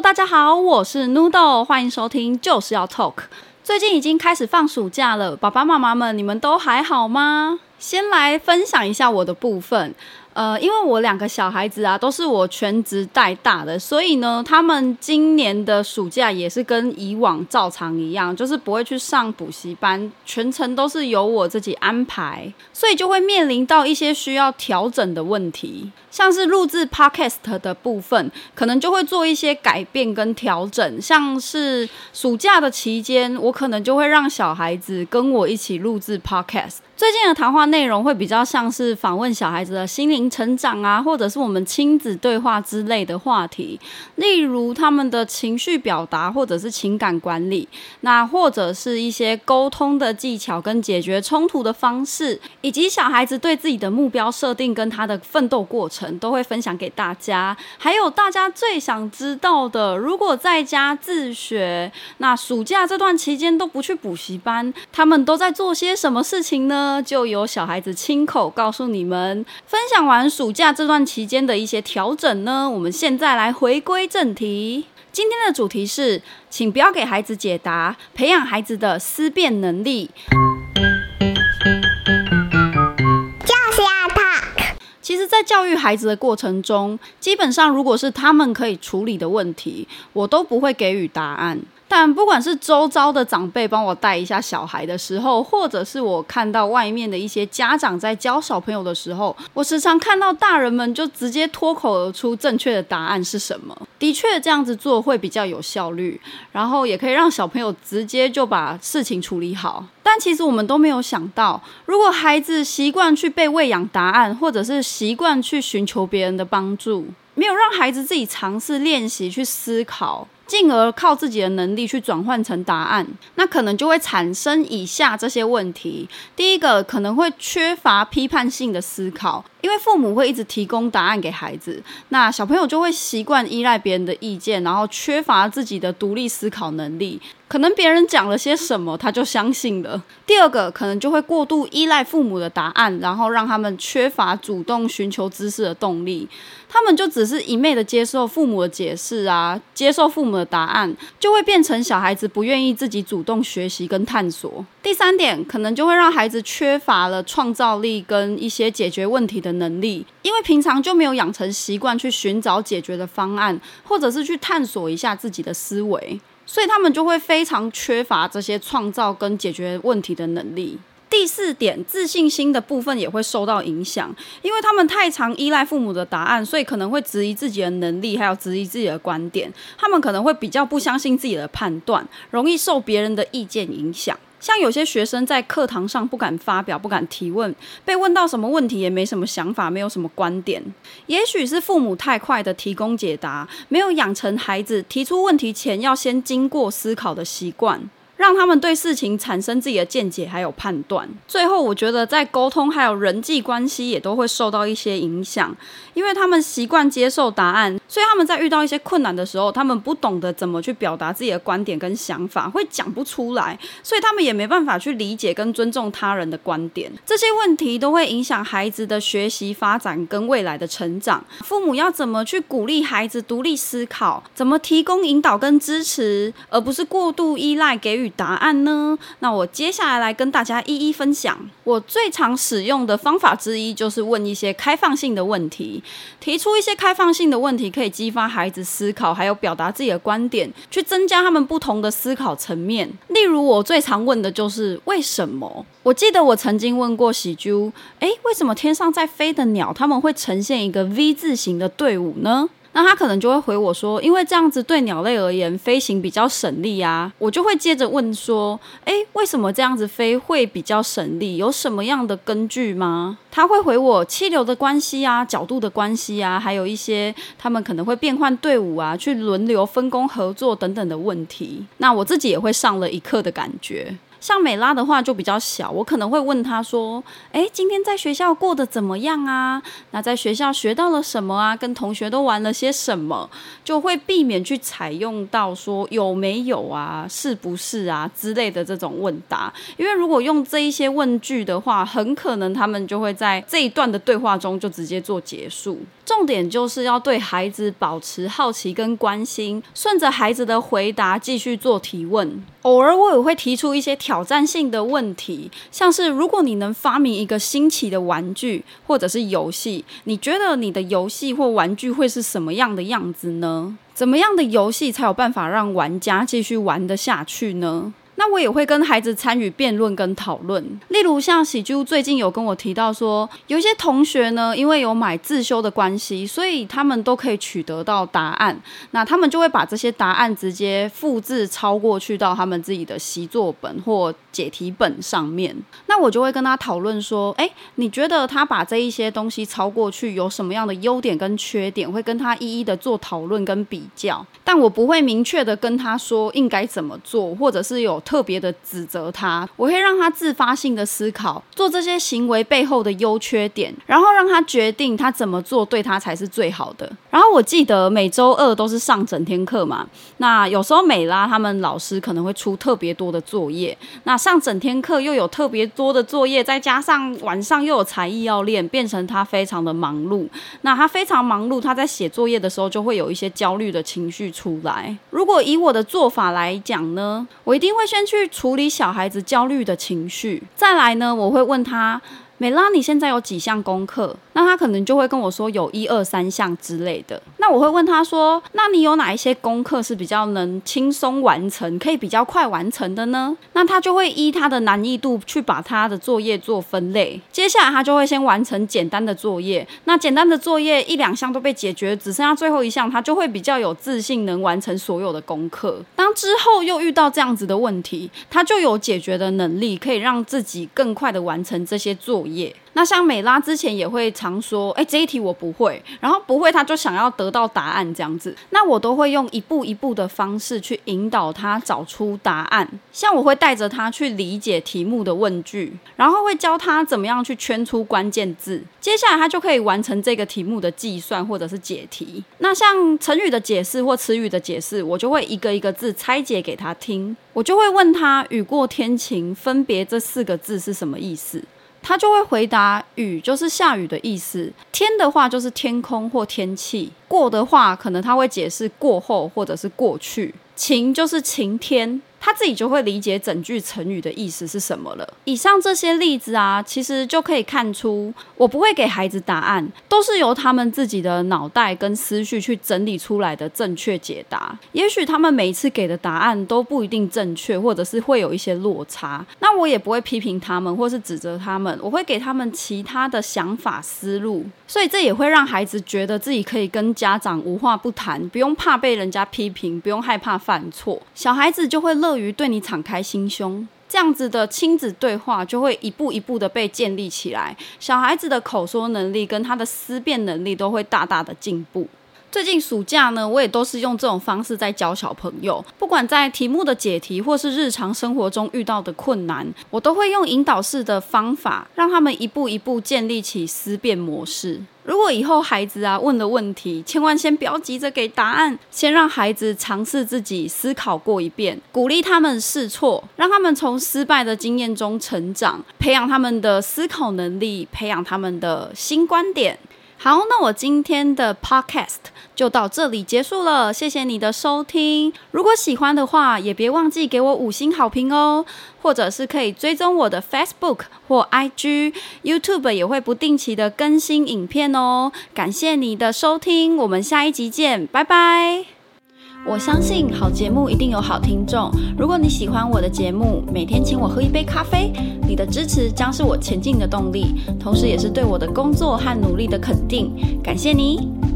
大家好，我是 Noodle，歡迎收聽，就是要 Talk。最近已經開始放暑假了，爸爸媽媽們，你們都還好嗎？先來分享一下我的部分。呃，因為我兩個小孩子啊，都是我全職帶大的，所以呢，他們今年的暑假也是跟以往照常一樣，就是不會去上補習班，全程都是由我自己安排，所以就會面臨到一些需要調整的問題，像是錄制 podcast 的部分，可能就會做一些改變跟調整，像是暑假的期間，我可能就會讓小孩子跟我一起錄制 podcast。最近的談話內容會比較像是訪問小孩子的心靈成長啊，或者是我們親子對話之類的話題，例如他們的情緒表達或者是情感管理，那或者是一些溝通的技巧跟解決衝突的方式，以及小孩子對自己的目標設定跟他的奮鬥過程都會分享給大家。還有大家最想知道的，如果在家自學，那暑假這段期間都不去補習班，他們都在做些什麼事情呢？就由小孩子親口告訴你們，分享完暑假這段期間的一些調整呢，我們現在來回歸正題。今天的主題是，請不要給孩子解答，培養孩子的思辨能力。就是要 TALK。其實，在教育孩子的過程中，基本上如果是他們可以處理的問題，我都不會給予答案。但不管是周遭的長輩幫我帶一下小孩的時候，或者是我看到外面的一些家長在教小朋友的時候，我時常看到大人們就直接脫口而出正確的答案是什麼。的確，這樣子做會比較有效率，然後也可以讓小朋友直接就把事情處理好。但其實我們都沒有想到，如果孩子習慣去被餵養答案，或者是習慣去尋求別人的幫助，沒有讓孩子自己嘗試練習去思考，進而靠自己的能力去轉換成答案，那可能就會產生以下這些問題。第一個，可能會缺乏批判性的思考，因為父母會一直提供答案給孩子，那小朋友就會習慣依賴別人的意見，然後缺乏自己的獨立思考能力。可能別人講了些什麼，他就相信了。第二個，可能就會過度依賴父母的答案，然後讓他們缺乏主動尋求知識的動力。他們就只是一昧的接受父母的解釋啊，接受父母的答案，就會變成小孩子不願意自己主動學習跟探索。第三點，可能就會讓孩子缺乏了創造力跟一些解決問題的能力，因為平常就沒有養成習慣去尋找解決的方案，或者是去探索一下自己的思維。所以他們就會非常缺乏這些創造跟解決問題的能力。第四點，自信心的部分也會受到影響，因為他們太常依賴父母的答案，所以可能會質疑自己的能力，還有質疑自己的觀點。他們可能會比較不相信自己的判斷，容易受別人的意見影響。像有些學生在課堂上不敢發表、不敢提問，被問到什麼問題也沒什麼想法、沒有什麼觀點，也許是父母太快的提供解答，沒有養成孩子提出問題前要先經過思考的習慣。讓他們對事情產生自己的見解還有判斷，最後我覺得在溝通還有人際關係也都會受到一些影響，因為他們習慣接受答案，所以他們在遇到一些困難的時候，他們不懂得怎麼去表達自己的觀點跟想法，會講不出來，所以他們也沒辦法去理解跟尊重他人的觀點。這些問題都會影響孩子的學習發展跟未來的成長。父母要怎麼去鼓勵孩子獨立思考，怎麼提供引導跟支持，而不是過度依賴給予。答案呢？那我接下來來跟大家一一分享。我最常使用的方法之一就是問一些開放性的問題，提出一些開放性的問題，可以激發孩子思考，還有表達自己的觀點，去增加他們不同的思考層面。例如，我最常問的就是為什麼？我記得我曾經問過喜珠：誒、欸，為什麼天上在飛的鳥，他們會呈現一個 V 字形的隊伍呢？”那他可能就會回我說，因為這樣子對鳥類而言飛行比較省力啊，我就會接着問說，誒、欸，為什麼這樣子飛會比較省力？有什麼樣的根據嗎？他會回我氣流的關係啊，角度的關係啊，還有一些他們可能會變換隊伍啊，去輪流分工合作等等的問題。那我自己也會上了一課的感覺。像美拉的話就比較小，我可能會問他說：“哎，今天在學校過得怎麼樣啊？那在學校學到了什麼啊？跟同學都玩了些什麼？”就會避免去採用到說“有沒有啊？是不是啊？”之類的這種問答，因為如果用這一些問句的話，很可能他們就會在這一段的對話中就直接做結束。重點就是要對孩子保持好奇跟關心，順着孩子的回答繼續做提問。偶爾我也會提出一些。挑戰性的問題，像是如果你能發明一個新奇的玩具或者是遊戲，你覺得你的遊戲或玩具會是什麼樣的樣子呢？怎麼樣的遊戲才有辦法讓玩家繼續玩得下去呢？我也會跟孩子參與辯論跟討論，例如像喜珠最近有跟我提到說，有一些同學呢，因為有買自修的關係，所以他們都可以取得到答案，那他們就會把這些答案直接複製抄過去到他們自己的習作本或解題本上面。那我就會跟他討論說，哎，你覺得他把這一些東西抄過去有什麼樣的優點跟缺點？會跟他一一的做討論跟比較，但我不會明確的跟他說應該怎麼做，或者是有特。特別的指責他，我會讓他自發性的思考做這些行為背後的優缺點，然後讓他決定他怎麼做對他才是最好的。然後我記得每周二都是上整天課嘛，那有時候美拉他們老師可能會出特別多的作業，那上整天課又有特別多的作業，再加上晚上又有才藝要練，變成他非常的忙碌。那他非常忙碌，他在寫作業的時候就會有一些焦慮的情緒出來。如果以我的做法來講呢，我一定會選。先去處理小孩子焦慮的情緒，再來呢，我會問他。美拉，你現在有幾項功課？那他可能就會跟我說有一二三項之類的。那我會問他說：“那你有哪一些功課是比較能輕鬆完成，可以比較快完成的呢？”那他就會依他的難易度去把他的作業做分類。接下來他就會先完成簡單的作業。那簡單的作業一兩項都被解決，只剩下最後一項，他就會比較有自信，能完成所有的功課。當之後又遇到這樣子的問題，他就有解決的能力，可以讓自己更快的完成這些作業。那像美拉之前也會常說，哎、欸，這一題我不會，然後不會他就想要得到答案這樣子，那我都會用一步一步的方式去引導他找出答案。像我會帶着他去理解題目的問句，然後會教他怎麼樣去圈出關鍵字，接下來他就可以完成這個題目的計算或者是解題。那像成語的解釋或詞語的解釋，我就會一個一個字拆解給他聽，我就會問他“雨過天晴”分別這四個字是什麼意思。他就會回答：“雨就是下雨的意思；天的話就是天空或天氣；過的話，可能他會解釋過後或者是過去；晴就是晴天。”他自己就會理解整句成語的意思是什麼了。以上這些例子啊，其實就可以看出，我不會給孩子答案，都是由他們自己的腦袋跟思緒去整理出來的正確解答。也許他們每一次給的答案都不一定正確，或者是會有一些落差。那我也不會批評他們，或是指責他們，我會給他們其他的想法思路。所以這也會讓孩子覺得自己可以跟家長無話不談，不用怕被人家批評，不用害怕犯錯。小孩子就會樂。樂於對你敞開心胸，這樣子的親子對話就會一步一步的被建立起來。小孩子的口說能力跟他的思辨能力都會大大的進步。最近暑假呢，我也都是用這種方式在教小朋友。不管在題目的解題，或是日常生活中遇到的困難，我都會用引導式的方法，讓他們一步一步建立起思辨模式。如果以後孩子啊問了問題，千萬先不要急着給答案，先讓孩子嘗試自己思考過一遍，鼓勵他們試錯，讓他們從失敗的經驗中成長，培養他們的思考能力，培養他們的新觀點。好，那我今天的 Podcast。就到這裡結束了，謝謝你的收聽。如果喜歡的話，也別忘記給我五星好評哦。或者是可以追蹤我的 Facebook 或 IG，YouTube 也會不定期的更新影片哦。感謝你的收聽，我們下一集見，拜拜。我相信好節目一定有好聽眾。如果你喜歡我的節目，每天請我喝一杯咖啡，你的支持將是我前進的動力，同時也是對我的工作和努力的肯定。感謝你。